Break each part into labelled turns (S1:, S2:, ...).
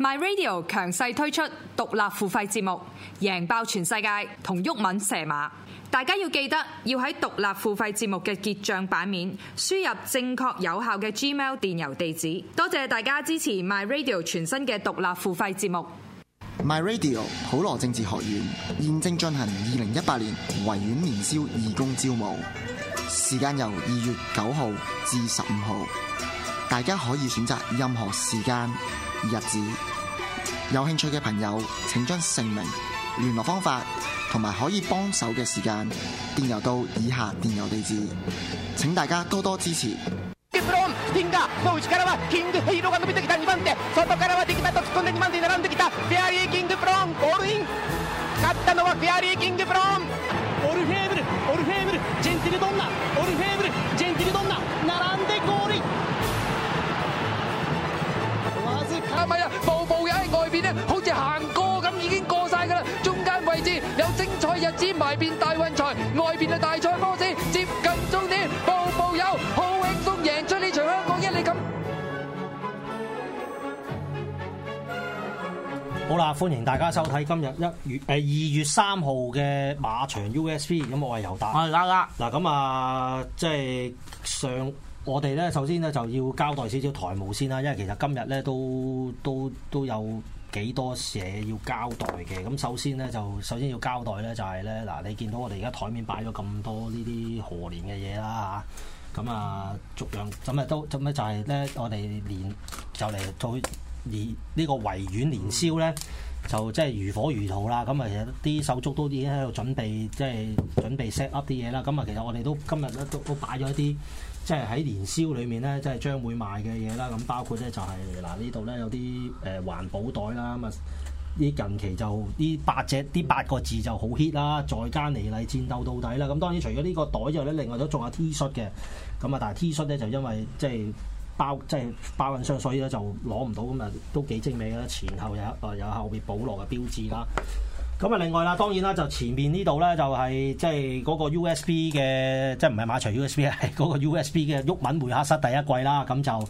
S1: My Radio 強勢推出獨立付費節目，贏爆全世界同毓民蛇馬。大家要記得要喺獨立付費節目嘅結帳版面輸入正確有效嘅 Gmail 電郵地址。多謝大家支持 My Radio 全新嘅獨立付費節目。My Radio 普羅政治學院現正進行二零一八年維園年宵義工招募，時間由二月九號至十五號，大家可以選擇任何時間日子。有興趣嘅朋友，請將姓名、聯絡方法同埋可以幫手嘅時間電郵到以下電郵地址，請大家多多支持。外邊咧好似行過咁已經過晒㗎啦，中間位置有精彩日子埋遍大運財，外邊嘅大賽波士接近終點，步步有，好輕鬆贏出呢場香港一哩金。
S2: 好啦，歡迎大家收睇今日一月誒呃，二月三號嘅馬場 USB，咁我係尤達，我係拉拉。嗱，咁啊，啊，即係上。我哋咧，首先咧就要交代少少台務先啦，因為其實今日咧都都都有幾多嘢要交代嘅。咁首先咧，就首先要交代咧，就係咧嗱，你見到我哋而家台面擺咗咁多呢啲賀年嘅嘢啦吓，咁啊逐樣，咁啊都咁啊就係咧，我哋年就嚟做年呢個維園年宵咧，就即係如火如荼啦。咁啊，啲手足都已經喺度準備，即係準備 set up 啲嘢啦。咁啊，其實我哋都今日咧都都擺咗一啲。即係喺年宵裏面咧，即係將會賣嘅嘢啦。咁包括咧就係、是、嗱，呢度咧有啲誒、呃、環保袋啦。咁啊，呢近期就呢八隻呢八個字就好 hit 啦。再加尼麗戰鬥到底啦。咁當然除咗呢個袋之外咧，另外都仲有 T 恤嘅。咁啊，但係 T 恤咧就因為即係包即係包運箱，所以咧就攞唔到。咁啊，都幾精美嘅。前後又有，有後面保羅嘅標誌啦。咁啊，另外啦，當然啦，就前面呢度咧，就係即係嗰個 USB 嘅，即係唔係馬場 USB 啊，係嗰個 USB 嘅郁文會客室第一季啦，咁就。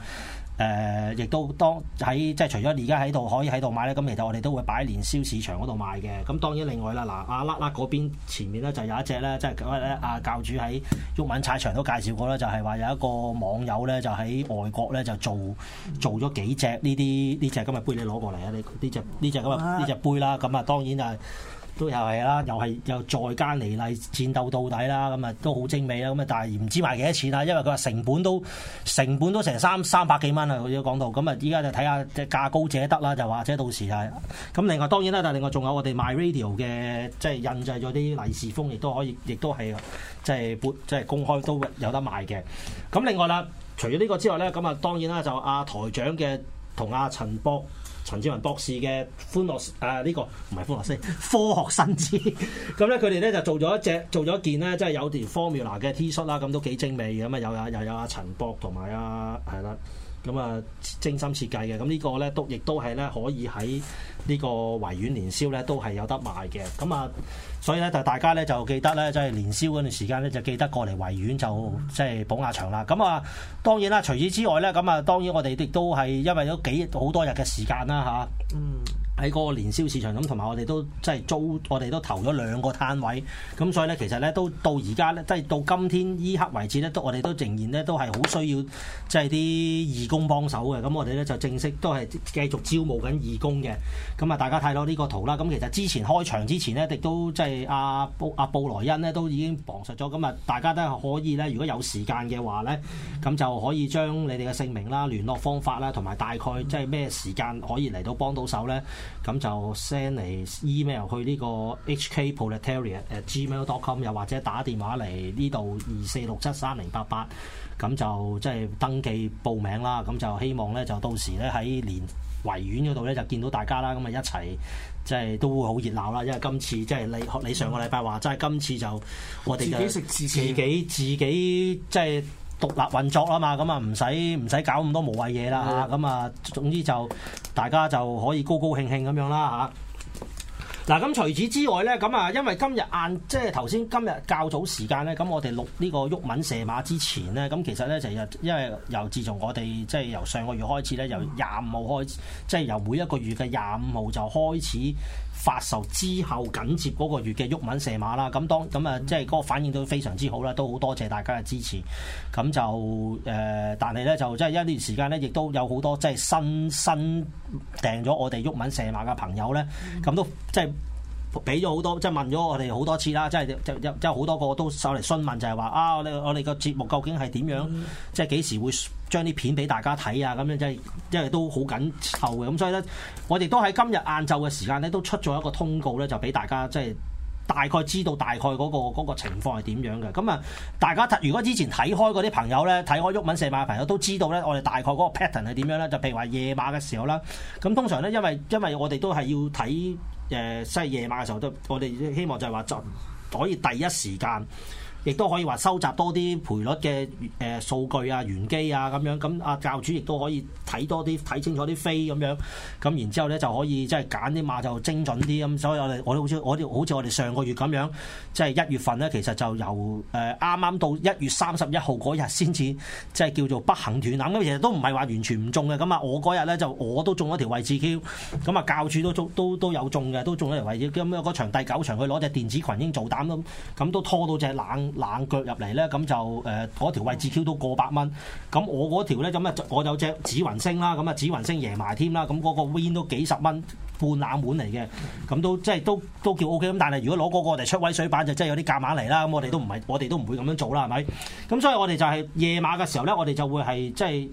S2: 誒，亦、嗯、都當喺即係除咗而家喺度可以喺度買咧，咁其實我哋都會擺喺年宵市場嗰度賣嘅。咁當然另外啦，嗱、啊，阿甩甩嗰邊前面咧就有一隻咧，即係嗰日咧阿教主喺鬱文踩場都介紹過啦，就係、是、話有一個網友咧就喺外國咧就做做咗幾隻呢啲呢隻今日杯，你攞過嚟啊！你呢隻呢隻今日呢隻杯啦，咁啊當然啊、就是、～都又係啦，又係又再加嚟例戰鬥到底啦，咁啊都好精美啦，咁啊但係唔知賣幾多錢啊，因為佢話成本都成本都成三三百幾蚊啊，佢都講到，咁啊依家就睇下即係價高者得啦，就或者到時係咁。另外當然啦，就另外仲有我哋 MyRadio 嘅，即係印製咗啲利是封，亦都可以，亦都係即係即係公開都有得賣嘅。咁另外啦，除咗呢個之外咧，咁啊當然啦，就阿台長嘅同阿陳博。陳志雲博士嘅歡樂，誒，呢個唔係歡樂，係科學新知，咁咧佢哋咧就做咗一隻做咗一件咧，即係有條 Formula 嘅 T 恤啦，咁都幾精美咁啊！有啊，又有阿陳博同埋啊，係啦。咁啊，精心設計嘅，咁、這、呢個咧都亦都係咧可以喺呢個維園年宵咧都係有得賣嘅。咁啊，所以咧就大家咧就記得咧，即係年宵嗰段時間咧就記得過嚟維園就即係捧下場啦。咁啊，當然啦，除此之外咧，咁啊當然我哋亦都係因為有幾好多日嘅時間啦嚇。嗯。喺嗰個年宵市場咁，同埋我哋都即係租，我哋都投咗兩個攤位，咁所以咧，其實咧都到而家咧，即係到今天依刻為止咧，都我哋都仍然咧都係好需要即係啲義工幫手嘅。咁我哋咧就正式都係繼續招募緊義工嘅。咁啊，大家睇到呢個圖啦。咁其實之前開場之前咧，亦都即係阿阿布萊恩咧都已經幫實咗。咁啊，大家都係可以咧，如果有時間嘅話咧，咁就可以將你哋嘅姓名啦、聯絡方法啦，同埋大概即係咩時間可以嚟到幫到手咧，咁就 send 嚟 email 去呢個 HK politeria at gmail dot com，又或者打電話嚟呢度二四六七三零八八，咁就即係登記報名啦。咁就希望咧就到時咧喺連維園嗰度咧就見到大家啦。咁啊一齊即係都會好熱鬧啦。因為今次即係你學你上個禮拜話，即係今次就我哋自己食自己自己即係。獨立運作啊嘛，咁啊唔使唔使搞咁多無謂嘢啦嚇，咁啊、嗯、總之就大家就可以高高興興咁樣啦嚇。嗱、啊、咁除此之外呢，咁啊因為今日晏即係頭先今日較早時間呢，咁我哋錄呢個鬱文射馬之前呢，咁其實呢，就因為由自從我哋即係由上個月開始呢，由廿五號開始，即係由每一個月嘅廿五號就開始。發售之後緊接嗰個月嘅鬱文射馬啦，咁當咁啊，即係嗰個反應都非常之好啦，都好多謝大家嘅支持。咁就誒、呃，但係咧就即係一段時間咧，亦都有好多即係新新訂咗我哋鬱文射馬嘅朋友咧，咁、嗯、都即係。俾咗好多，即係問咗我哋好多次啦，即係有有好多個都上嚟詢問就，就係話啊，我我哋個節目究竟係點樣，嗯啊、樣？即係幾時會將啲片俾大家睇啊？咁樣即係因為都好緊湊嘅，咁所以咧，我哋都喺今日晏晝嘅時間咧，都出咗一個通告咧，就俾大家即係大概知道大概嗰、嗰個嗰個情況係點樣嘅。咁啊，大家如果之前睇開嗰啲朋友咧，睇開毓民射馬嘅朋友都知道咧，我哋大概嗰個 pattern 係點樣咧？就譬如話夜晚嘅時候啦，咁通常咧，因為因為我哋都係要睇。誒，即係夜晚嘅時候都，我哋希望就係話就可以第一時間。亦都可以話收集多啲賠率嘅誒數據啊、玄機啊咁樣，咁啊教主亦都可以睇多啲、睇清楚啲飛咁樣，咁然之後咧就可以即係揀啲馬就精準啲咁，所以我哋我都好似我哋好似我哋上個月咁樣，即係一月份咧，其實就由誒啱啱到一月三十一號嗰日先至即係叫做不幸斷纜，咁其實都唔係話完全唔中嘅，咁啊我嗰日咧就我都中咗條位置 Q，咁啊教主都都都，都有中嘅，都中咗條位置，咁咧嗰場第九場佢攞隻電子群英做膽咯，咁都拖到隻冷。冷腳入嚟咧，咁就誒嗰、呃、條位置 Q 到過百蚊，咁我嗰條咧咁啊，我就隻紫雲星啦，咁啊紫雲星贏埋添啦，咁嗰個 win 都幾十蚊半冷門嚟嘅，咁都即係都都叫 O K 咁，但係如果攞嗰個嚟出威水板就真係有啲夾馬嚟啦，咁我哋都唔係我哋都唔會咁樣做啦，係咪？咁所以我哋就係、是、夜晚嘅時候咧，我哋就會係即係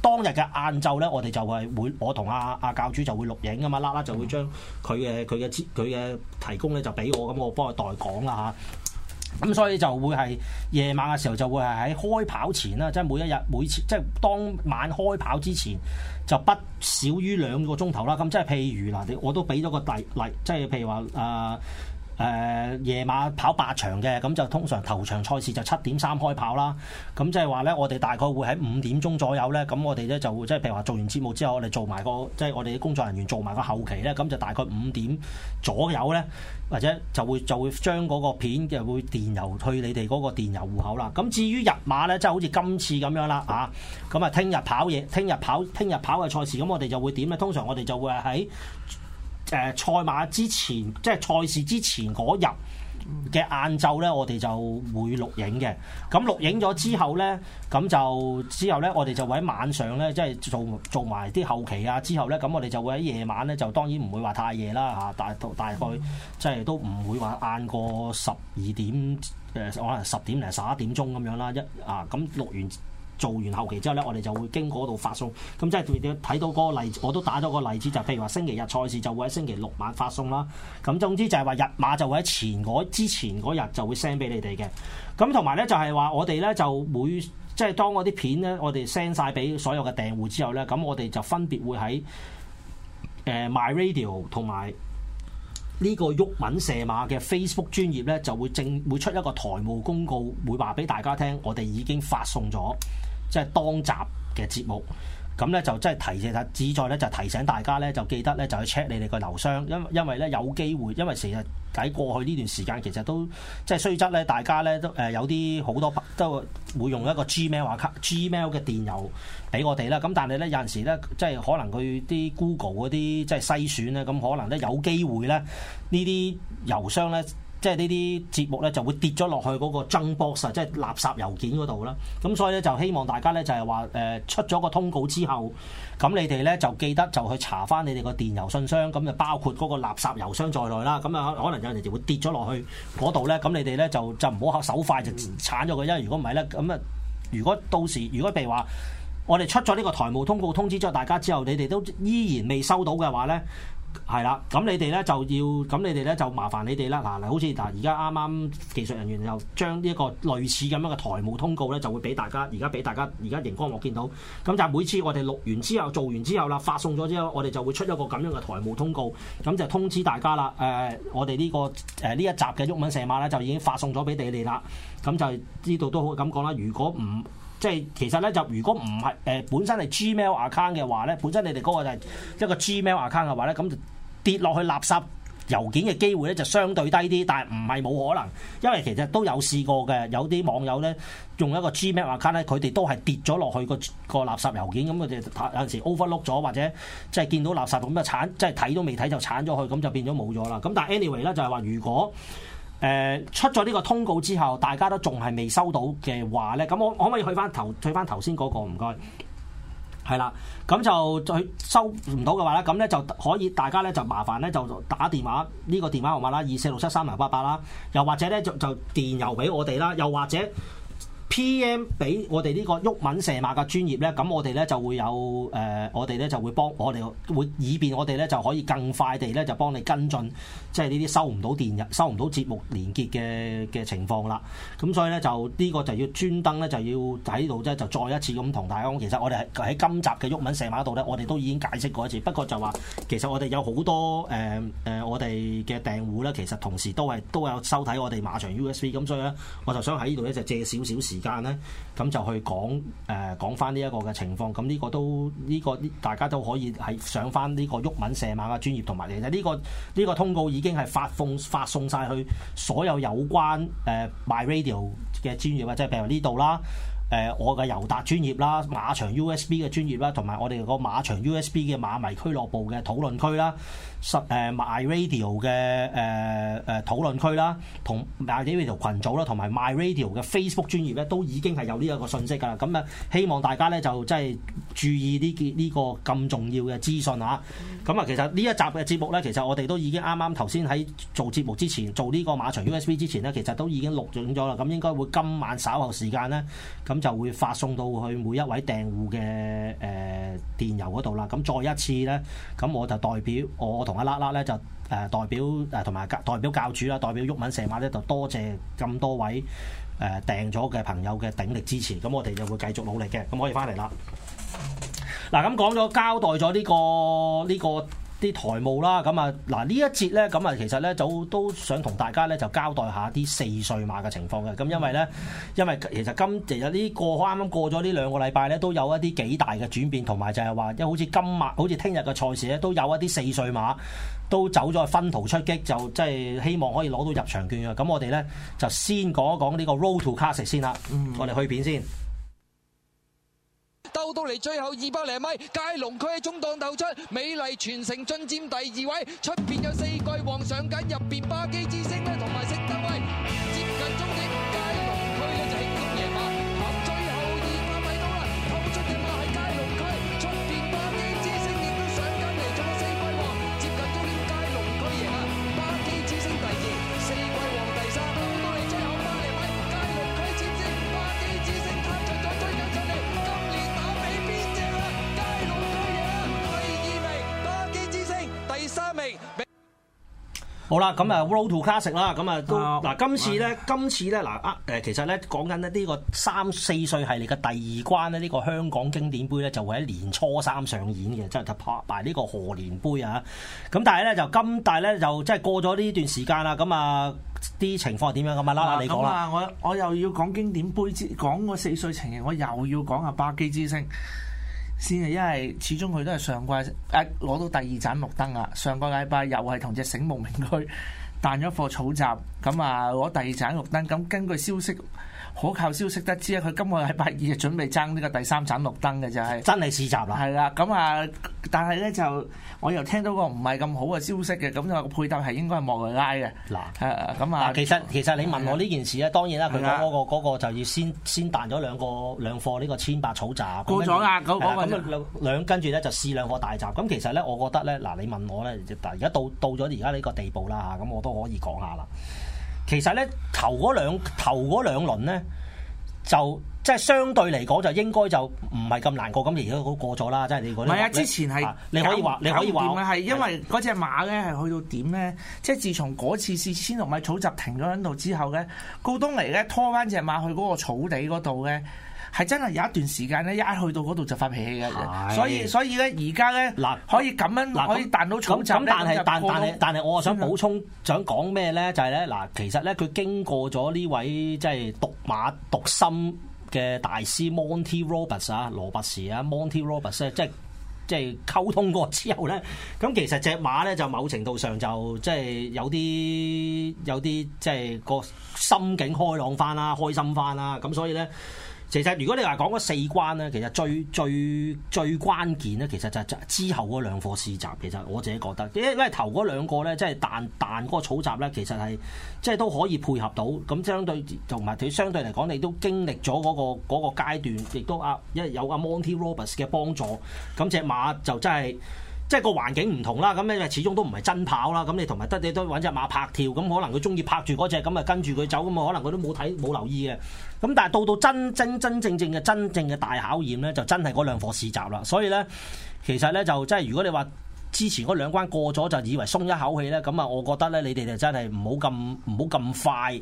S2: 當日嘅晏晝咧，我哋就係會我同阿阿教主就會錄影啊嘛，啦啦就會將佢嘅佢嘅佢嘅提供咧就俾我，咁我幫佢代講啦嚇。啊咁、嗯、所以就會係夜晚嘅時候就會係喺開跑前啦，即係每一日每次即係當晚開跑之前就不少於兩個鐘頭啦。咁即係譬如嗱，我都俾咗個例例，即係譬如話啊。呃誒、呃、夜晚跑八場嘅咁就通常頭場賽事就七點三開跑啦，咁即係話咧，我哋大概會喺五點鐘左右咧，咁我哋咧就會即係譬如話做完節目之後，我哋做埋個即係我哋啲工作人員做埋個後期咧，咁就大概五點左右咧，或者就會就會將嗰個片嘅會電郵去你哋嗰個電郵戶口啦。咁至於日馬咧，即係好似今次咁樣啦啊，咁啊聽日跑嘢，聽日跑聽日跑嘅賽事，咁我哋就會點咧？通常我哋就會喺。誒，賽馬之前即係賽事之前嗰日嘅晏晝咧，我哋就會錄影嘅。咁錄影咗之後咧，咁就之後咧，我哋就會喺晚上咧，即係做做埋啲後期啊。之後咧，咁我哋就會喺夜晚咧，就當然唔會話太夜啦吓，大大概即係都唔會話晏過十二點誒，可能十點零十一點鐘咁樣啦。一啊，咁錄完。做完後期之後咧，我哋就會經過度發送，咁即係睇到嗰個例子，我都打咗個例子，就是、譬如話星期日賽事就會喺星期六晚發送啦。咁總之就係話日馬就會喺前嗰之前嗰日就會 send 俾你哋嘅。咁同埋咧就係話我哋咧就每即係、就是、當嗰啲片咧，我哋 send 晒俾所有嘅訂戶之後咧，咁我哋就分別會喺誒、呃、My Radio 同埋。呢個鬱文射馬嘅 Facebook 專頁呢，就會正會出一個台務公告，會話俾大家聽，我哋已經發送咗即係當集嘅節目。咁咧就即係提其實旨在咧就提醒大家咧就記得咧就去 check 你哋個郵箱，因因為咧有機會，因為其實喺過去呢段時間其實都即係雖則咧，大家咧都誒有啲好多都會用一個 Gmail 或 Gmail 嘅電郵俾我哋啦。咁但係咧有陣時咧即係可能佢啲 Google 嗰啲即係篩選咧，咁可能咧有機會咧呢啲郵箱咧。即係呢啲節目咧，就會跌咗落去嗰個 junk box，即係垃圾郵件嗰度啦。咁所以咧，就希望大家咧就係話誒出咗個通告之後，咁你哋咧就記得就去查翻你哋個電郵信箱，咁就包括嗰個垃圾郵箱在內啦。咁啊，可能有人哋就會跌咗落去嗰度咧。咁你哋咧就就唔好手快就鏟咗佢，因為如果唔係咧，咁啊，如果到時如果譬如話我哋出咗呢個台務通告通知咗大家之後，你哋都依然未收到嘅話咧。係啦，咁你哋咧就要咁，你哋咧就麻煩你哋啦嗱。嗱，好似嗱，而家啱啱技術人員又將呢一個類似咁樣嘅台務通告咧，就會俾大家，而家俾大家，而家熒光幕見到。咁就每次我哋錄完之後做完之後啦，發送咗之後，我哋就會出一個咁樣嘅台務通告，咁就通知大家啦。誒、呃，我哋呢、呢個誒呢、呃、一集嘅中文射馬咧，就已經發送咗俾你哋啦。咁就係呢度都好咁講啦。如果唔即係其實咧，就如果唔係誒本身係 Gmail account 嘅話咧，本身你哋嗰個就係一個 Gmail account 嘅話咧，咁就跌落去垃圾郵件嘅機會咧就相對低啲，但係唔係冇可能，因為其實都有試過嘅，有啲網友咧用一個 Gmail account 咧，佢哋都係跌咗落去個個垃圾郵件，咁佢哋有陣時 overlook 咗或者即係見到垃圾咁就鏟，即係睇都未睇就鏟咗去，咁就變咗冇咗啦。咁但係 anyway 咧，就係話如果誒出咗呢個通告之後，大家都仲係未收到嘅話呢。咁我可唔可以去翻頭去翻頭先嗰個？唔該，係啦，咁就再收唔到嘅話呢，咁呢就可以大家呢就麻煩呢就打電話呢個電話號碼啦，二四六七三零八八啦，又或者呢就就電郵俾我哋啦，又或者。P.M. 俾我哋呢個毓民射馬嘅專頁咧，咁我哋咧就會有誒、呃，我哋咧就會幫我哋會以便我哋咧就可以更快地咧就幫你跟進，即係呢啲收唔到電入、收唔到節目連結嘅嘅情況啦。咁所以咧就呢個就要專登咧就要喺度咧就再一次咁同大家，其實我哋喺今集嘅毓民射馬度咧，我哋都已經解釋過一次，不過就話其實我哋有好多誒誒、呃呃、我哋嘅訂戶咧，其實同時都係都有收睇我哋馬場 USB 咁，所以咧我就想喺呢度咧就借少少時間咧，咁就去講誒、呃、講翻呢一個嘅情況。咁呢個都呢、這個，大家都可以喺上翻呢個鬱文射馬嘅專業同埋。其實呢個呢、這個通告已經係發送發送晒去所有有關誒 My、呃、Radio 嘅專業啊，即係譬如呢度啦。誒、呃、我嘅尤達專頁啦，馬場 USB 嘅專頁啦，同埋我哋個馬場 USB 嘅馬迷俱樂部嘅討論區啦，十誒、呃、My Radio 嘅誒誒討論區啦，同 My Radio 群組啦，同埋 My Radio 嘅 Facebook 專頁咧，都已經係有呢一個信息㗎啦。咁、嗯、啊，希望大家咧就真係注意呢件呢個咁重要嘅資訊啊！咁啊、嗯，其實呢一集嘅節目咧，其實我哋都已經啱啱頭先喺做節目之前做呢個馬場 USB 之前咧，其實都已經錄影咗啦。咁、嗯、應該會今晚稍後時間咧，咁、嗯。就會發送到去每一位訂戶嘅誒電郵嗰度啦。咁再一次咧，咁我就代表我同阿 LakLak 咧就誒代表誒同埋代表教主啦，代表旭文社馬咧就多謝咁多位誒訂咗嘅朋友嘅鼎力支持。咁我哋就會繼續努力嘅。咁可以翻嚟啦。嗱，咁講咗交代咗呢個呢個。啲台務啦，咁啊，嗱呢一節咧，咁啊，其實咧就都想同大家咧就交代下啲四歲馬嘅情況嘅，咁因為咧，因為其實今其實呢、呢個、過啱啱過咗呢兩個禮拜咧，都有一啲幾大嘅轉變，同埋就係話，因為好似今日好似聽日嘅賽事咧，都有一啲四歲馬都走咗去分途出擊，就即係希望可以攞到入場券嘅。咁我哋咧就先講一講呢個 Road to Classic、嗯、s 先啦，我哋去片先。
S1: 到嚟最後二百零米，佳龍區喺中檔投出，美麗全城進佔第二位，出邊有四季王上緊，入邊巴基之星咧同埋。
S2: 好啦，咁啊，Road to Classic 啦，咁啊都嗱，今次咧，今次咧嗱啊，誒、呃，其實咧講緊咧呢個三四歲系列嘅第二關咧，呢、這個香港經典杯咧就會喺年初三上演嘅，即係拍埋呢個賀年杯啊。咁但係咧就今，但係咧就即係過咗呢段時間啦，咁啊啲情況係點樣咁啊？LakLak 你講啦、啊。
S1: 我我又要講經典杯之講個四歲情形，我又要講啊巴基之星。先，啊，因為始終佢都係上季誒攞到第二盞綠燈啊，上個禮拜又係同隻醒目名駒彈咗一課草閘，咁啊攞第二盞綠燈，咁根據消息。可靠消息得知啊，佢今個禮拜二準備爭呢個第三盞綠燈嘅就係、是、真係試閘啦。係啦，咁啊，但係咧就我又聽到個
S2: 唔係咁好嘅消息嘅，咁就話個配搭係應該係莫雷拉嘅嗱。咁啊喏，其實其實你問我呢件事咧，的當然啦，佢嗰的、那個嗰、那個就要先先彈咗兩個兩貨呢個,個千百草閘過咗了啦，咁講緊兩跟住咧、就是、就試兩貨大閘。咁其實咧，我覺得咧，嗱，你問我咧，但而家到到咗而家呢個地步啦，咁我都可以講下啦。其實咧，頭嗰兩頭嗰兩輪咧，就即係相對嚟講，就應該就唔係咁難過咁。而家好過咗啦，即係你講。係啊，說之前係你可以話，你可以話
S1: 係因為嗰隻馬咧係去到點咧？啊、即係自從嗰次四千六米草閘停咗喺度之後咧，高東尼咧拖翻隻馬去嗰個草地嗰度咧。係真係有一段時間咧，一去到嗰度就發脾氣嘅，所以所以咧而家咧，嗱可以咁樣，可以彈到重奏咧，又破到。但係但但係，但我啊想補充，
S2: 想講咩咧？就係咧，嗱，其實咧，佢經過咗呢位即係讀馬讀心嘅大師 Monty Roberts 啊，羅拔士啊，Monty Roberts 咧，即係即係溝通過之後咧，咁其實隻馬咧就某程度上就即係有啲有啲即係個心境開朗翻啦，開心翻啦，咁所以咧。其實如果你話講嗰四關咧，其實最最最關鍵咧，其實就係之後嗰兩課試閘。其實我自己覺得，因為頭嗰兩個咧，即係彈彈嗰個草閘咧，其實係即係都可以配合到。咁相對同埋佢相對嚟講，你都經歷咗嗰個嗰個階段，亦都啊，因為有阿 Monty Roberts 嘅幫助，咁隻馬就真係。即係個環境唔同啦，咁咧始終都唔係真跑啦，咁你同埋得你都揾隻馬拍跳，咁可能佢中意拍住嗰隻，咁啊跟住佢走，咁啊可能佢都冇睇冇留意嘅。咁但係到到真真真正正嘅真正嘅大考驗呢，就真係嗰兩課試閘啦。所以呢，其實呢，就真係，如果你話之前嗰兩關過咗就以為鬆一口氣呢。咁啊，我覺得呢，你哋就真係唔好咁唔好咁快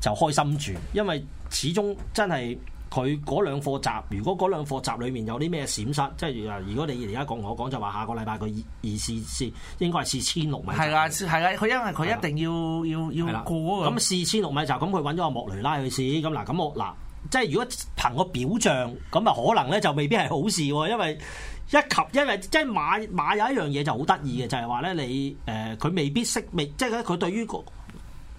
S2: 就開心住，因為始終真係。佢嗰兩課閘，如果嗰兩課閘裏面有啲咩閃失，即係如果你而家講我講就話下個禮拜佢二二試試應該係試千六米。係啦，係啦，佢因為佢一定要要的要過。咁試千六米就咁，佢揾咗阿莫雷拉去試。咁嗱，咁我嗱，即係如果憑個表象，咁啊可能咧就未必係好事，因為一及因為即係馬馬有一樣嘢就好得意嘅，就係話咧你誒佢、呃、未必識未，即係佢對於個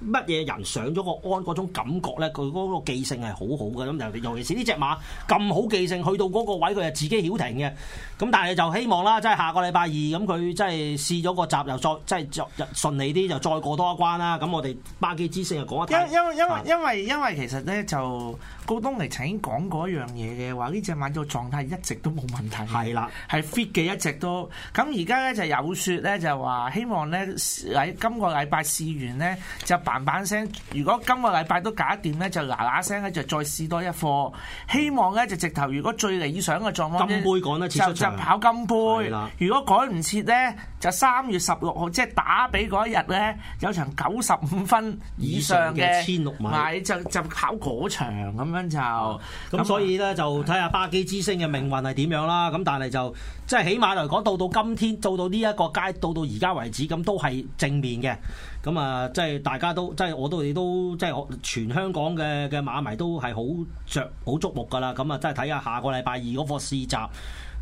S2: 乜嘢人上咗個鞍嗰種感覺咧？佢嗰個記性係好好嘅咁，尤其尤其是呢隻馬咁好記性，去到嗰個位佢又自己曉停嘅。咁但係就希望啦，即係下個禮拜二咁，佢即係試咗個閘又再即係再順利啲，就再過多一關啦。咁我哋巴基之星就講一。因因因因因為因為其實咧就告東尼曾經講過一樣嘢嘅話，呢隻馬個
S1: 狀態一直都冇問題。係啦，係 fit 嘅一直都。咁而家咧就有說咧就話希望咧喺今個禮拜試完呢。就。彈板聲，如果今個禮拜都搞掂咧，就嗱嗱聲咧就再試多一課，希望咧就直頭，如果最理想嘅狀況，金杯趕得就跑金杯。的如果趕唔切咧，就三月十六號，即係打吡嗰一日呢，有場九十五分以上嘅，千六米，
S2: 就就考嗰場咁樣就，咁所以呢，嗯、就睇下巴基之星嘅命運係點樣啦。咁但係就即係起碼嚟講，到到今天，做到呢一個階，到到而家為止，咁都係正面嘅。咁啊，即係大家都，即係我都你都，即係全香港嘅嘅馬迷都係好着、好矚目噶啦。咁啊，即係睇下下個禮拜二嗰課試閘。那個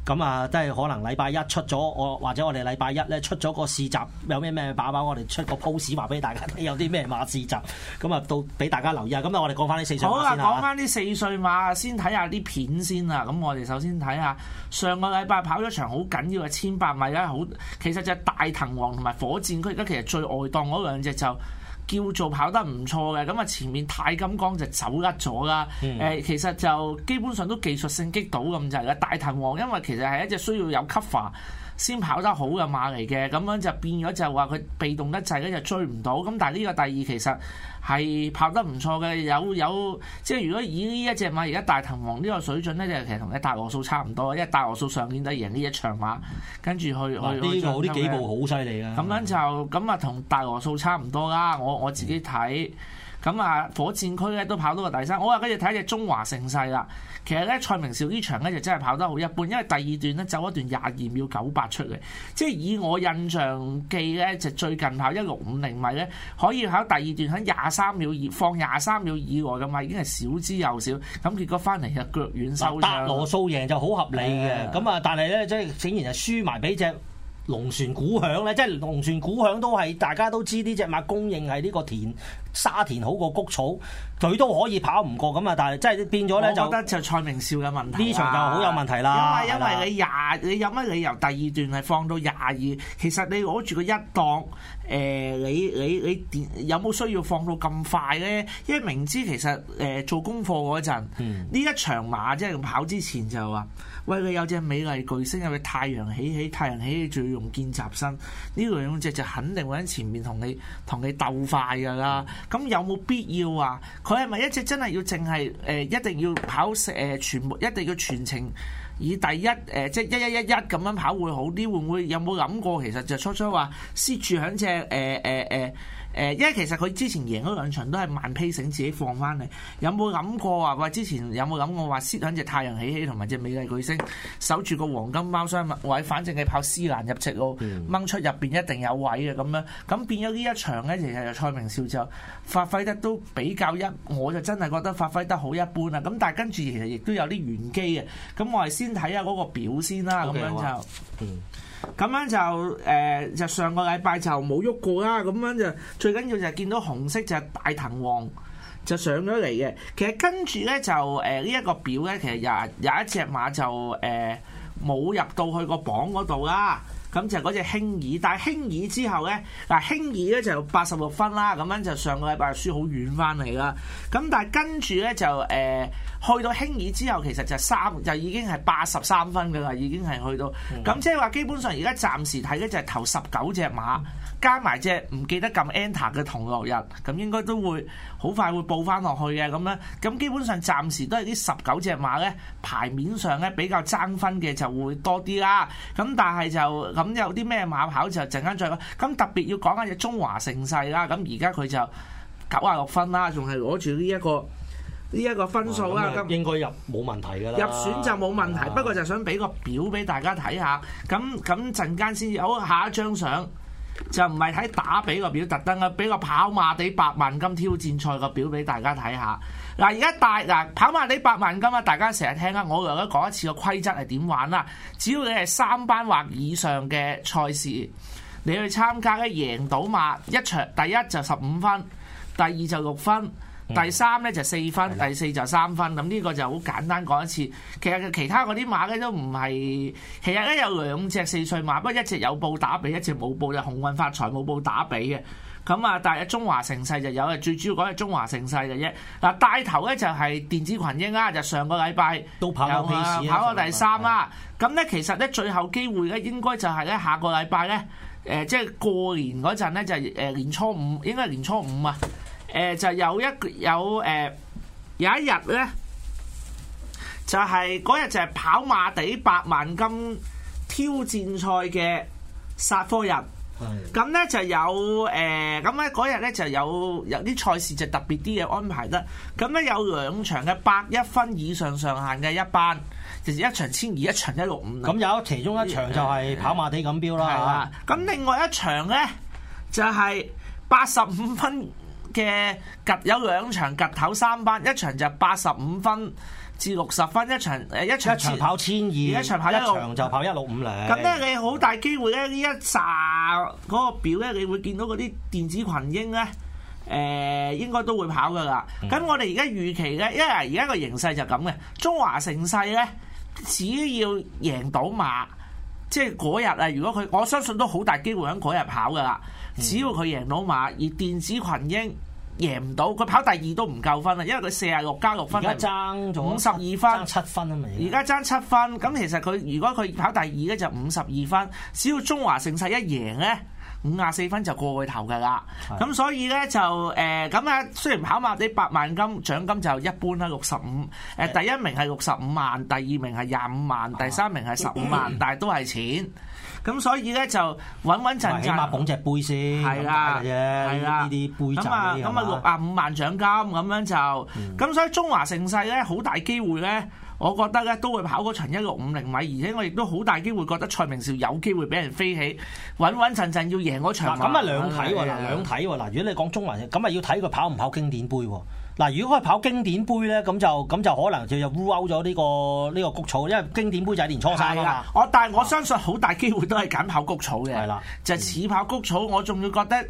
S2: 咁啊，都係可能禮拜一出咗，我或者我哋禮拜一咧出咗個試閘，有咩咩把把，我哋出個 post 話俾大家聽，有啲咩馬試閘，咁啊到俾大家留意啊！咁啊，我哋講翻呢四歲馬先，好啦，講翻啲四歲馬先睇下啲片先啊！咁我哋
S1: 首先睇下上個禮拜跑咗場好緊要嘅千百米啦，好，其實就係大藤王同埋火箭，佢而家其實最外檔嗰兩隻就。叫做跑得唔錯嘅，咁啊前面太金剛就走甩咗啦。誒、嗯，其實就基本上都技術性擊倒咁就係啦。大騰王因為其實係一隻需要有 cover。先跑得好嘅馬嚟嘅，咁樣就變咗就話佢被動得滯，咁就追唔到。咁但係呢個第二其實係跑得唔錯嘅，有有即係如果以呢一隻馬而家大藤王呢個水準咧，就其實同一大和數差唔多，因為大和數上年都贏呢一場馬，跟住去去。呢度，呢幾步好犀利啊！咁樣就咁啊，同大和數差唔多啦。我我自己睇。嗯咁啊，火箭區咧都跑到個第三，我話跟住睇隻中華盛世啦。其實咧，蔡明兆場呢場咧就真係跑得好一般，因為第二段咧走一段廿二秒九八出嚟，即係以我印象記咧，就最近跑一六五零米咧，可以跑第二段喺廿三秒以放廿三秒以外嘅馬已經係少之又少。咁結果翻嚟嘅腳軟收張，達羅素贏
S2: 就好合理嘅。咁啊、嗯，但係咧即係竟然係輸埋俾隻龍船鼓響咧，即係龍船鼓響都係大家都知呢隻馬供應係呢個田。沙田好過谷草，佢都可以跑唔過咁啊！但係即係變咗咧，就得
S1: 就蔡明少嘅問題，呢場就好有問題啦。因為因為你廿的你有乜理由第二段係放到廿二？其實你攞住個一檔，誒、呃，你你你，你有冇需要放到咁快咧？因為明知其實誒做功課嗰陣，呢、嗯、一場馬即係咁跑之前就話，喂你有隻美麗巨星，有隻太陽起起，太陽起起，仲要用見習生，呢兩隻就肯定會喺前面同你同你鬥快噶啦。咁有冇必要啊？佢係咪一隻真係要淨係誒，一定要跑食誒，全部一定要全程以第一誒、呃、即係一一一一咁樣跑會好啲？會唔會有冇諗過其實就初初話 set 住喺只誒誒誒？呃呃呃誒，因為其實佢之前贏嗰兩場都係慢披，醒自己放翻嚟。有冇諗過話？話之前有冇諗過話，先兩隻太陽起起同埋隻美麗巨星守住個黃金貓箱位，反正佢跑斯蘭入直路掹出入面一定有位嘅咁樣，咁變咗呢一場咧，其實就蔡明少就發揮得都比較一，我就真係覺得發揮得好一般啦。咁但係跟住其實亦都有啲玄機嘅，咁我係先睇下嗰個表先啦，咁樣就嗯。Okay, 咁樣就誒、呃、就上個禮拜就冇喐過啦。咁樣就最緊要就係見到紅色就大騰王就上咗嚟嘅。其實跟住咧就誒呢一個表咧，其實有有一隻馬就誒冇、呃、入到去個榜嗰度啦。咁就嗰隻輕耳，但係輕耳之後咧，嗱輕耳咧就八十六分啦，咁樣就上個禮拜輸好遠翻嚟啦。咁但係跟住咧就誒、呃、去到輕耳之後，其實就三就已經係八十三分噶啦，已經係去到。咁即係話基本上而家暫時睇咧就係頭十九隻馬，加埋隻唔記得撳 enter 嘅同樂日，咁應該都會好快會報翻落去嘅咁樣。咁基本上暫時都係啲十九隻馬咧，牌面上咧比較爭分嘅就會多啲啦。咁但係就～咁有啲咩馬跑就陣間再講，咁特別要講緊隻中華盛世啦。咁而家佢就九啊六分啦，仲係攞住呢一個呢一個分數啦。啊、
S2: 應該入冇問題㗎啦。入選就
S1: 冇問題，的不過就想俾個表俾大家睇下。咁咁陣間先。好下一張相就唔係睇打俾個表，特登啊俾個跑馬地百萬金挑戰賽個表俾大家睇下。嗱，而家大嗱跑馬地百萬金啊！大家成日聽下我又講講一次個規則係點玩啦。只要你係三班或以上嘅賽事，你去參加咧，贏到馬一場，第一就十五分，第二就六分，第三咧就四分，嗯、第四就三分。咁呢個就好簡單講一次。其實其他嗰啲馬咧都唔係，其實咧有兩隻四歲馬，不過一隻有報打比，一隻冇報，就紅運發財冇報打比嘅。咁啊，但係中華盛世就有啊，最主要講係中華盛世嘅啫。嗱，帶頭咧就係電子群英啦，就上個禮拜有都跑啊，跑咗第三啦。咁咧、嗯、其實咧最後機會咧應該就係咧下個禮拜咧，誒即係過年嗰陣咧就係、是、誒年初五，應該係年初五啊。誒、呃、就有一有誒、呃、有一日咧，就係、是、嗰日就係跑馬地百萬金挑戰賽嘅殺科人。咁呢就有誒，咁咧嗰日呢就有有啲賽事就特別啲嘅安排得，咁呢有兩場嘅百一分以上上限嘅一班，就是、一場千二，一場一六五零，咁有其中一場就係跑馬地錦標啦，咁、啊、另外一場呢，就係八十五分嘅，有兩場頭三班，一場就八十五分至六十分，一場誒一,一場跑千二，一場跑一場就
S2: 跑一六五零，咁咧你
S1: 好大機會呢，呢一紮。嗱，嗰個表咧，你會見到嗰啲電子群英咧，誒、呃、應該都會跑噶啦。咁我哋而家預期咧，因為而家個形勢就咁嘅，中華盛世咧，只要贏到馬，即係嗰日啊！如果佢，我相信都好大機會喺嗰日跑噶啦。只要佢贏到馬，而電子群英，贏唔到，佢跑第二都唔夠分啦，因為佢四十六加六分，而家爭咗五十二分，七分都而家爭七分，咁其實佢如果佢跑第二咧就五十二分，只要中華盛世一贏咧，五十四分就過頭㗎啦。咁是的 所以咧就誒，咁、呃、啊雖然跑馬地百萬金獎金就一般啦，六十五誒第一名係六十五萬，第二名係廿五萬，第三名係十五萬，但係都係錢，咁所以咧就穩穩陣陣，起碼捧隻杯先，係啦的，呢啲的杯。咁啊咁啊，六啊五萬獎金咁樣就，咁、嗯、所以中華盛世咧好大機會咧，我覺得咧都會跑嗰場一六五零米，而且我亦都好大機會覺得蔡明紹有機會俾人飛起，穩穩陣陣要贏
S2: 嗰場。嗱，咁啊的兩睇喎，嗱兩睇喎，嗱如果你講中華，咁啊要睇佢跑唔跑經典杯喎。嗱，如果佢跑經典杯咧，咁就咁就可能就 rule out 咗呢個呢、呢個谷草，因為經典杯就係年初賽啊嘛。我但係我相信好大機會都係揀跑谷草嘅，的就似跑
S1: 谷草，的我仲要覺得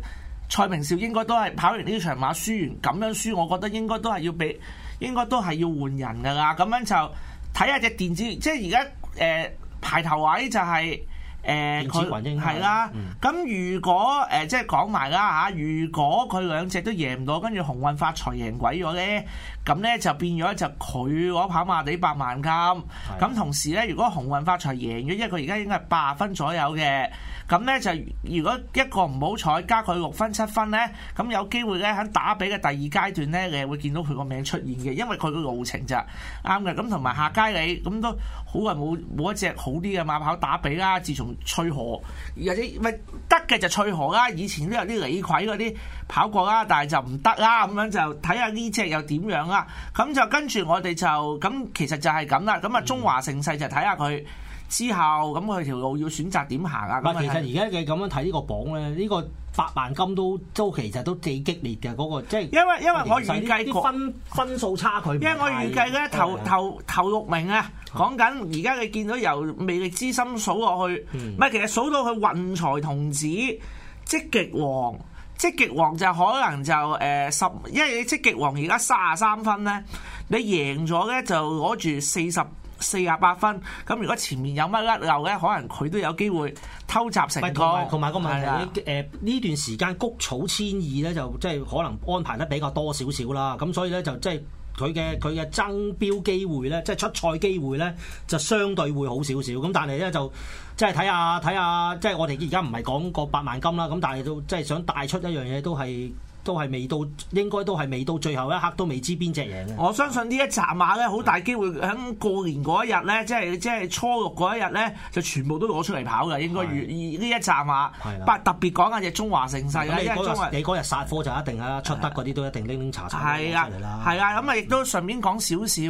S1: 蔡明紹應該都係跑完呢場馬輸完咁樣輸，我覺得應該都係要俾，應該都係要換人㗎啦。咁樣就睇下隻電子，即係而家誒排頭位就係、是。誒佢係啦，咁如果誒即係講埋啦嚇，如果佢兩隻都贏唔到，跟住紅運發財贏鬼咗咧，咁咧就變咗就佢嗰跑馬地百萬金。咁同時咧，如果紅運發財贏咗，因為佢而家應該係八分左右嘅，咁咧就如果一個唔好彩加佢六分七分咧，咁有機會咧喺打比嘅第二階段咧，你會見到佢個名出現嘅，因為佢個路程就啱嘅。咁同埋夏佳麗咁都好啊，冇冇一隻好啲嘅馬跑打比啦，自從。翠河，有啲喂得嘅就翠河啦。以前都有啲理虧嗰啲跑過啦，但係就唔得啦。咁樣就睇下呢隻又點樣啦。咁就跟住我哋就咁，其實就係咁啦。咁啊，中華盛世就睇
S2: 下佢。之後咁佢條路要選擇點行啊？咁其實而家佢咁樣睇呢個榜咧，呢、這個百萬金都都其實都幾激烈嘅嗰、那個，即係因為是因為我預計分分數差距，因為我預計咧頭頭頭六名啊，講的緊而家
S1: 你見到由魅力之心數落去，唔、嗯、其實數到佢運財童子積極王積極王就可能就誒十，因為你積極王而家卅三分咧，你贏咗咧就攞住四十。四廿八分
S2: 咁，如果前面有乜甩漏咧，可能佢都有機會偷襲成功，同埋個問題誒呢段時間谷草千二咧，就即係可能安排得比較多少少啦。咁所以咧就即係佢嘅佢嘅爭標機會咧，即係出賽機會咧，就相對會好少少咁。但係咧就即係睇下睇下，即係我哋而家唔係講個百萬金啦，咁但係都即係想帶出一樣嘢都係。都係未到，應該都係未到最後一刻，都未知邊隻贏嘅。我相信呢一紮馬咧，好大機會喺過年嗰一日咧，即係即
S1: 係初六嗰一日咧，就全部都攞出嚟跑嘅。應該如呢一紮馬，不的特別講緊隻中華盛世，那你嗰
S2: 日，華日殺科就一定啦，的出得嗰啲都一定拎拎查查。係啊的，係
S1: 啊，咁啊，亦都順便講少少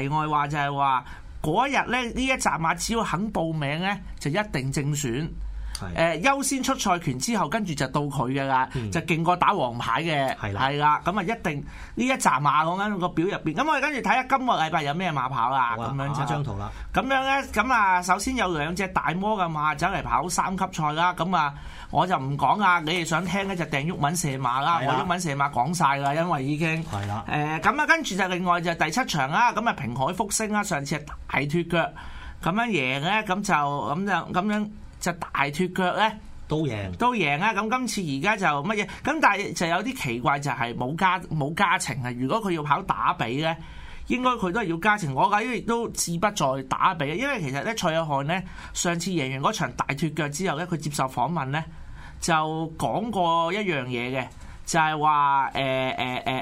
S1: 題外話就，就係話嗰一日咧，呢一紮馬只要肯報名咧，就一定正選。誒優先出賽權之後，跟住就到佢嘅啦，就勁過打黃牌嘅係啦。咁啊，一定呢一閘馬咁樣個表入邊咁，我哋跟住睇下今個禮拜有咩馬跑啊。咁樣就張圖啦。咁樣咧，咁啊，首先有兩隻大魔嘅馬走嚟跑三級賽啦。咁啊，我就唔講啊，你哋想聽咧就訂鬱文射馬啦。我鬱文射馬講曬啦，因為已經係啦。誒咁啊，跟住就另外就第七場啦。咁啊，平海福星啦，上次係大脫腳咁樣贏咧，咁就咁就咁樣。就大脱腳咧，都贏，都贏啊！咁今次而家就乜嘢？咁但係就有啲奇怪就，就係冇加冇加程啊！如果佢要跑打比咧，應該佢都係要加程。我解亦都志不在打比，啊。因為其實咧蔡約翰咧上次贏完嗰場大脱腳之後咧，佢接受訪問咧就講過一樣嘢嘅，就係話誒誒誒。呃呃呃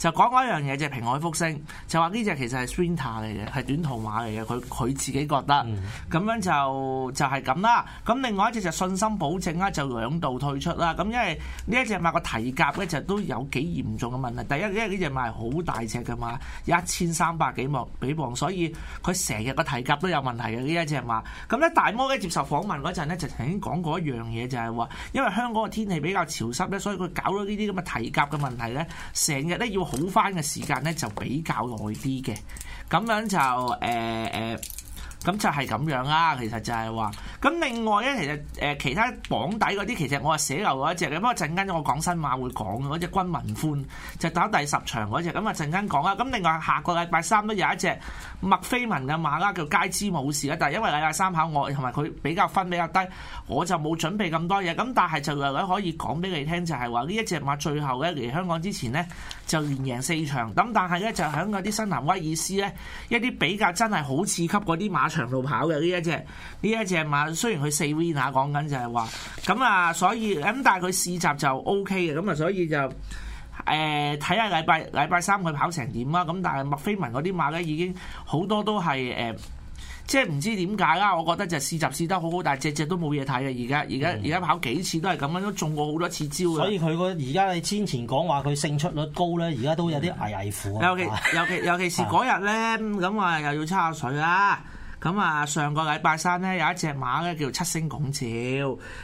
S1: 就講過一樣嘢，就係平海福星，就話呢隻其實係 Sprinter 嚟嘅，係短途馬嚟嘅。佢佢自己覺得咁樣就就係咁啦。咁另外一隻就信心保證啦，就兩度退出啦。咁因為呢一隻馬個蹄甲咧，就都有幾嚴重嘅問題。第一，因為呢隻馬好大隻嘅嘛，一千三百幾磅，幾磅，所以佢成日個蹄甲都有問題嘅呢一隻馬。咁咧，大摩咧接受訪問嗰陣咧，就曾經講過一樣嘢，就係話，因為香港嘅天氣比較潮濕咧，所以佢搞到呢啲咁嘅蹄甲嘅問題咧，成日咧要。好翻嘅時間咧就比較耐啲嘅，咁樣就誒誒。呃呃咁就係咁樣啦，其實就係話，咁另外咧，其實誒其他榜底嗰啲，其實我係寫漏嗰一隻嘅，不過陣間我講新馬會講嗰隻君民歡，就打第十場嗰隻，咁啊陣間講啦。咁另外下個禮拜三都有一隻麥菲文嘅馬啦，叫街姿武士啦，但係因為禮拜三考我同埋佢比較分比較低，我就冇準備咁多嘢。咁但係就如果可以講俾你聽就，就係話呢一隻馬最後咧嚟香港之前呢，就連贏四場，咁但係咧就喺嗰啲新南威爾斯呢，一啲比較真係好次級嗰啲馬。長路跑嘅呢一隻呢一隻馬，雖然佢四 V，啊，講緊就係話咁啊，所以咁但係佢試閘就 O K 嘅，咁啊所以就誒睇下禮拜禮拜三佢跑成點啦。咁但係麥飛文嗰啲馬咧，已經好多都係誒、呃，即係唔知點解啦。我覺得就試閘試得好好，但係只只都冇嘢睇嘅。而家而家而家跑
S2: 幾次都係咁樣，都中過好多次招。所以佢個而家你先前講話佢勝出率高咧，而家都有啲危危乎、啊嗯、
S1: 尤其尤其尤其是嗰日咧，咁啊 又要差水啦。咁啊，上個禮拜三咧有一隻馬咧叫七星拱照。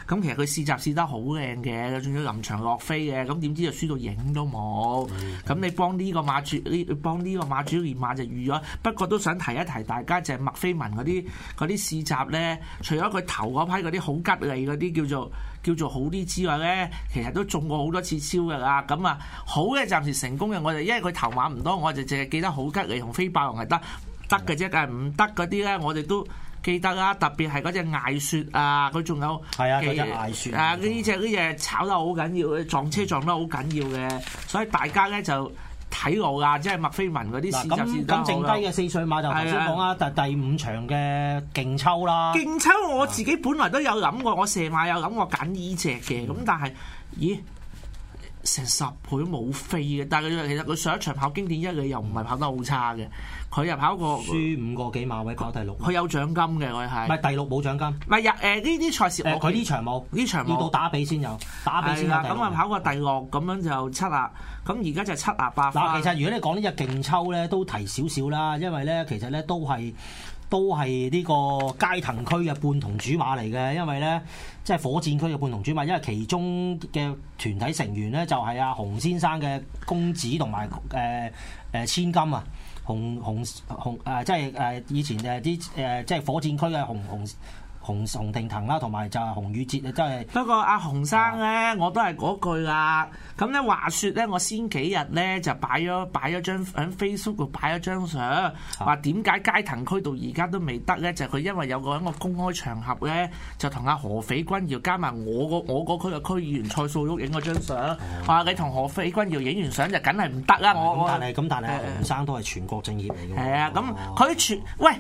S1: 咁其實佢試閘試得好靚嘅，仲要臨場落飛嘅，咁點知就輸到影都冇。咁、嗯、你幫呢個馬主，呢幫呢個馬主練馬就預咗，不過都想提一提大家就菲，就係麥飛文嗰啲啲試閘咧，除咗佢頭嗰批嗰啲好吉利嗰啲叫做叫做好啲之外咧，其實都中過好多次招嘅啦。咁啊，好嘅暫時成功嘅，我哋因為佢頭馬唔多，我就淨係記得好吉利同飛霸王係得得嘅啫，梗係唔得嗰啲咧，我哋都記得啦。特別係嗰隻艾雪啊，佢仲有
S2: 係啊，嗰隻其其艾雪啊，
S1: 呢隻呢隻炒得好緊要，撞車撞得好緊要嘅，所以大家咧就睇路事就事啊，即係麥菲文嗰啲事就先得啦。咁咁，剩低嘅四歲馬就頭先講啦，
S2: 第、啊、第五場嘅勁抽啦。勁
S1: 抽，我自己本來都有諗過，我射馬有諗過揀呢隻嘅，咁但係，咦？嗯成十倍都冇飛嘅，但係佢其實佢上一場跑經典一嘅又唔係跑得好差嘅，佢又跑過輸五個幾馬位跑第六，佢有獎金嘅，佢係咪第六冇獎金？唔係誒呢啲賽事佢呢、呃、場冇呢場冇要到
S2: 打比先有打比先有，咁啊跑過第六咁、嗯、樣就七亞，咁而家就七亞八花。嗱，其實如果你講呢隻競抽咧，都提少少啦，因為咧其實咧都係。都係呢個街藤區嘅半同主馬嚟嘅，因為呢，即係火箭區嘅半同主馬，因為其中嘅團體成員呢，就係阿洪先生嘅公子同埋誒千金啊，洪洪洪啊，即係以前誒啲誒即係火箭區嘅洪洪。紅洪洪定騰啦，同埋就係洪宇哲啊，真係。不過阿洪生咧，我都係嗰句啦。咁咧話説咧，我先幾日咧就
S1: 擺咗擺咗張喺 Facebook 度擺咗張相，話點解街騰區到而家都未得咧？就佢因為有個喺個公開場合咧，就同阿何斐君堯加埋我個我嗰區嘅區議員蔡素玉影咗張相，話、啊、你同何斐君堯影完相就梗係唔得啦。但係咁但係洪生都係全國政協嚟嘅。係啊，咁佢全喂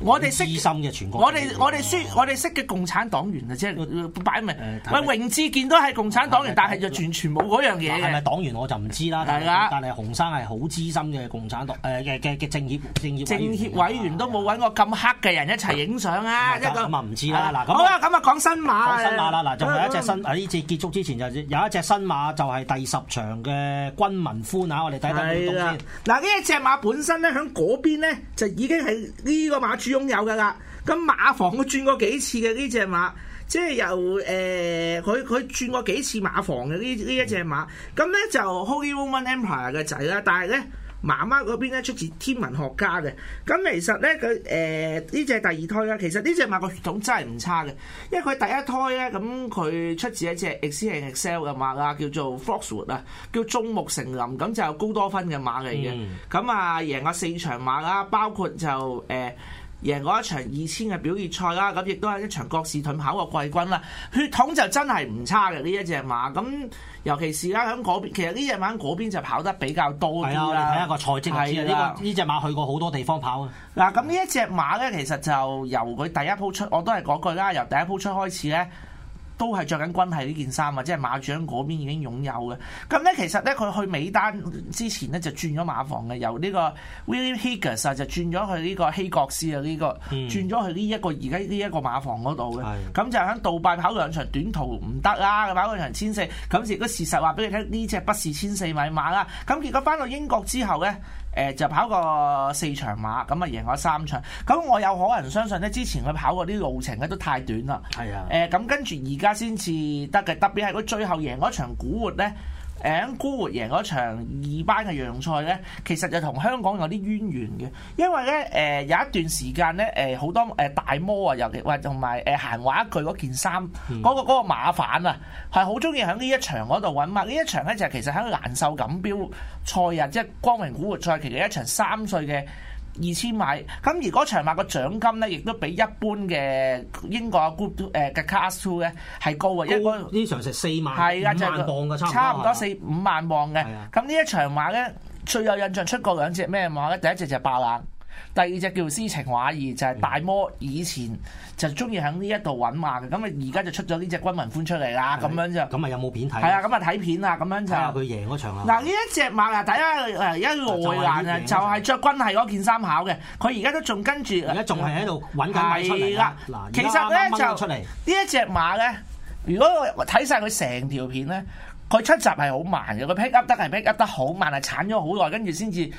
S1: 我
S2: 哋識心嘅全國政
S1: 我，我哋我哋需我哋。識嘅共產黨員啊，即係擺明，喂，榮智健都係共產黨員，但係就完全冇嗰樣嘢。係咪黨員我就唔知啦，但係洪生係好資深嘅共產黨誒嘅嘅政協政協委員，政協委員都冇揾個咁黑嘅人一齊影相啊！咁啊唔知啦，嗱咁啊
S2: 咁啊講新馬啊，新馬啦，嗱就有一隻新喺呢次結束之前就有一隻新馬就係第十場嘅軍民歡啊！我哋睇睇呢啲先。
S1: 嗱呢一隻馬本身咧響嗰邊咧就已經係呢個馬主擁有噶啦。咁馬房佢轉過幾次嘅呢隻馬，即係由誒，佢、呃、佢轉過幾次馬房嘅呢呢一隻馬，咁咧就 Holy Roman Empire 嘅仔啦，但係咧媽媽嗰邊咧出自天文學家嘅，咁其實咧佢誒呢隻、呃、第二胎啊，其實呢隻馬個血統真係唔差嘅，因為佢第一胎咧咁佢出自一隻 Excel 嘅馬啊，叫做 Foxwood 啊，叫種木成林，咁就有高多芬嘅馬嚟嘅，咁、嗯、啊贏咗四場馬啦，包括就誒。呃贏過一場二千嘅表現賽啦，咁亦都係一場國士盾跑過季軍啦。血統就真係唔差嘅呢一隻馬，咁尤其是啦喺嗰邊，其實呢隻馬喺嗰邊就跑得比較多啲啦。睇下個賽績就知啦。
S2: 呢隻的馬去過好多地方跑。
S1: 嗱，咁呢一隻馬咧，其實就由佢第一鋪出，我都係講句啦，由第一鋪出開始咧。都係着緊軍係呢件衫啊，即係馬主喺嗰邊已經擁有嘅。咁咧，其實咧佢去美丹之前咧就轉咗馬房嘅，由呢個 William Higgins 啊，就轉咗去呢個希國斯啊呢、呢個，嗯、轉咗去呢一個而家呢一個馬房嗰度嘅。咁是的 就喺杜拜跑兩場短途唔得啦，咁跑兩場千四，咁亦都事實話俾你聽，呢只不是千四米馬啦。咁結果返到英國之後咧。誒、呃、就跑過四場馬，咁啊贏咗三場，咁我有可能相信咧，之前佢跑過啲路程咧都太短啦。係啊，誒咁、呃、跟住而家先至得嘅，特別係佢最後贏嗰場古活呢。誒喺古活贏嗰場二班嘅樣賽咧，其實就同香港有啲淵源嘅，因為咧誒、呃、有一段時間咧誒好多誒、呃、大魔啊，尤其或同埋誒閒話一句嗰件衫嗰、嗯那個嗰、那個、馬反啊，係好中意喺呢一場嗰度揾啊！呢一場咧就係、是、其實喺蘭秀錦標賽日、啊，即係光榮古活賽期嘅一場三歲嘅。二千萬，咁而嗰場馬個獎金咧，亦都比一般嘅英國阿 Group 誒嘅 Class Two 咧係高啊，應該呢場成四萬，係啊的，就係萬磅嘅差唔多四五的萬磅嘅，咁呢的一場馬咧最有印象出過兩隻咩馬咧？第一隻就爆眼。第二隻叫做詩情畫意，就係、是、大魔以前就中意喺呢一度搵馬嘅，咁啊而家就出咗呢隻軍民歡出嚟啦，咁的樣就咁啊有冇片睇？係啊，咁啊睇片啊，咁樣就睇下佢
S2: 贏嗰場啊。嗱
S1: 呢一隻馬啊，大家係一外人啊，就係着軍係嗰件衫考嘅，佢而家都仲跟住而家仲係喺度搵緊馬出嚟啦。嗱，其實咧就呢一隻馬咧，如果睇晒佢成條片咧，佢出閘係好慢嘅，佢 pick up 得係 pick up 得好慢，係鏟咗好耐，跟住先至。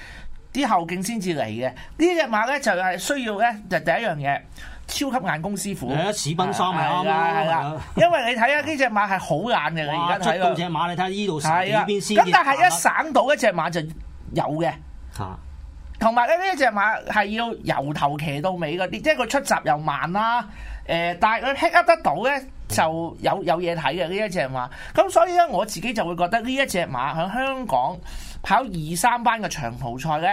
S1: 啲後勁先至嚟嘅，呢隻馬咧就係需要咧就是、第一樣嘢，超級眼工師傅。屎崩桑係啦，係 啦樂，因為你睇下呢隻馬係好懶嘅，而家睇。哇！出到隻馬你睇呢度，依邊先的。咁但係一省到一隻馬就有嘅。嚇、啊！同埋咧呢隻馬係要由頭騎到尾嘅，即係佢出閘又慢啦。誒、呃，但係佢 hit up 得到咧。就有有嘢睇嘅呢一隻馬，咁所以咧我自己就會覺得呢一隻馬喺香港跑二三班嘅長途賽呢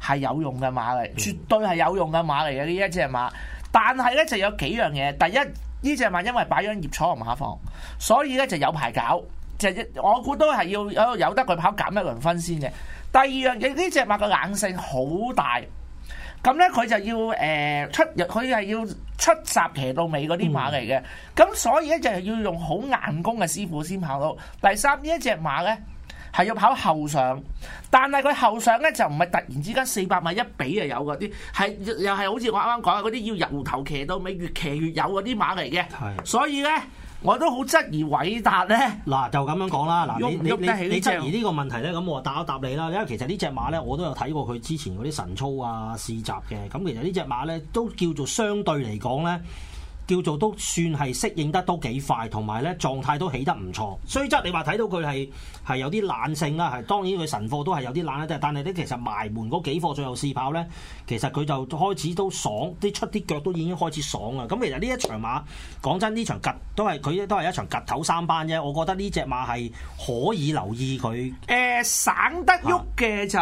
S1: 係有用嘅馬嚟，絕對係有用嘅馬嚟嘅呢一隻馬。但係呢就有幾樣嘢，第一，呢隻馬因為擺咗葉草同馬房，所以呢就有排搞，就我估都係要有得佢跑減一輪分先嘅。第二樣嘢，呢隻馬個硬性好大。咁咧佢就要誒、呃、出入，佢係要出閘騎到尾嗰啲馬嚟嘅。咁、嗯、所以咧就係要用好硬功嘅師傅先跑到。第三呢一隻馬咧係要跑後上，但係佢後上咧就唔係突然之間四百米一比就有嗰啲，係又係好似我啱啱講啊嗰啲要由頭騎到尾，越騎越有嗰啲馬嚟嘅。係是，所以咧。我都好質疑偉達咧，
S2: 嗱、 嗯、就咁樣講啦，嗱你你你，你質疑呢個問題咧，咁我，我答一答你啦，因為其實呢隻馬咧，我都有睇過佢之前嗰啲神操啊試閘嘅，咁其實呢隻馬咧都叫做相對嚟講咧。叫做都算係適應得都幾快，同埋咧狀態都起得唔錯。雖則你話睇到佢係係有啲懶性啦，係當然佢神貨都係有啲懶啦，但係咧，其實埋門嗰幾貨最後試跑咧，其實佢就開始都爽，啲出啲腳都已經開始爽啊！咁其實呢一場馬，講真呢場吉都係佢，都係一場趌頭三班啫。我覺得呢隻馬係可以留意佢。
S1: 誒、呃、省得喐嘅就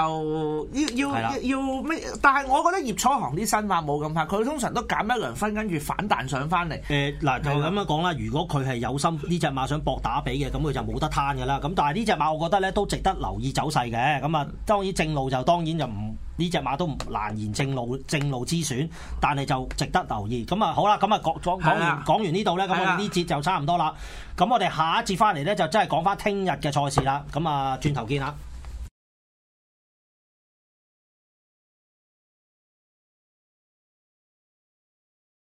S1: 要、啊、要要咩的？但係我覺得葉楚航啲新馬冇咁快，佢通常都
S2: 減一兩分，跟住反彈上翻。誒，嗱、 嗯，就咁樣講啦。如果佢係有心呢隻馬想搏打吡嘅，咁佢就冇得攤嘅啦。咁但係呢隻馬，我覺得咧都值得留意走勢嘅。咁啊，當然正路就當然就唔呢隻馬都唔難言正路正路之選，但係就值得留意。咁啊，好啦，咁啊講咗講完講完呢度咧，咁的我哋呢節就差唔多啦。咁我哋下一節翻嚟咧，就真係講翻聽日嘅賽事啦。咁啊，轉頭見吓。